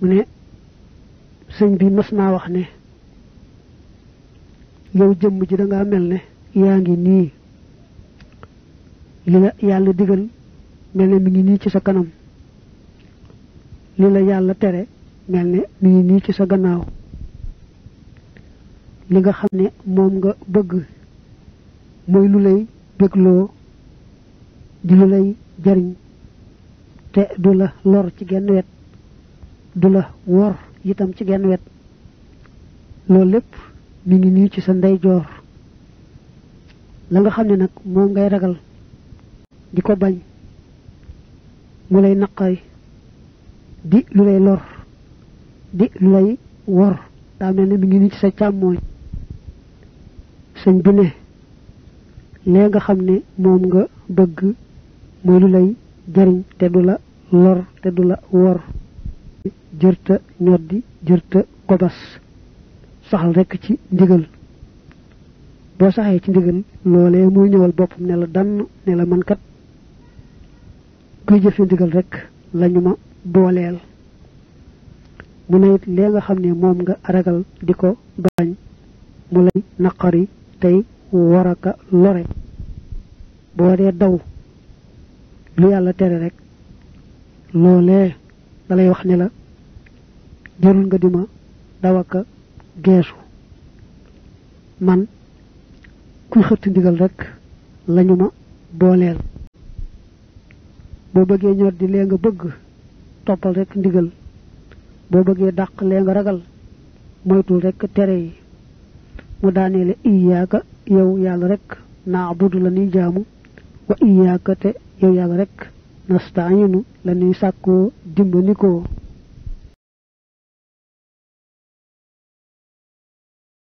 mune señ bi mas naa wax ne yow jëmm ji da mel ne yaa ngi nii li la yàlla digal mel ne mi ngi nii ci sa kanam li la yàlla tere mel ne mi ngi nii ci sa gannaaw li nga xam ne moom nga bëgg mooy lu lay bégloo di lu lay jariñ te du lor ci genn wet dula wor itam ci genn wet lol lepp mi ngi ni ci sa jor la nga xamne nak mo ngay ragal di bañ mu lay naqari di lu lay lor di lu lay wor da melni mi ngi ni ci sa chamoy señ bi ne le nga xamne mom nga bëgg moy lu lay jariñ te dula lor te dula wor jërta ñoddi jërta gobas saxal rek ci ndigal bo saxé ci ndigal lolé mu ñëwal bop ne la dan ne la man kat kuy jëf ndigal rek lañuma bolél mu ne lé nga xamné mom nga aragal diko bañ mu lay naqari tay waraka lore bo dé daw lu yalla téré rek lolé dalay wax ne la jarul nga dima dawaka geesu man kuy xëtt ndigal rek lañu ma booleel boo bëggee ñor di lee nga bëgg toppal rek ndigal boo bëggee dàq lee nga ragal moytul rek tere yi mu daaneele iyaaka yow yàlla rek na la nuy jaamu wa iyaaka te yow yàlla rek nastaayinu la nuy sàkkoo dimbandikoo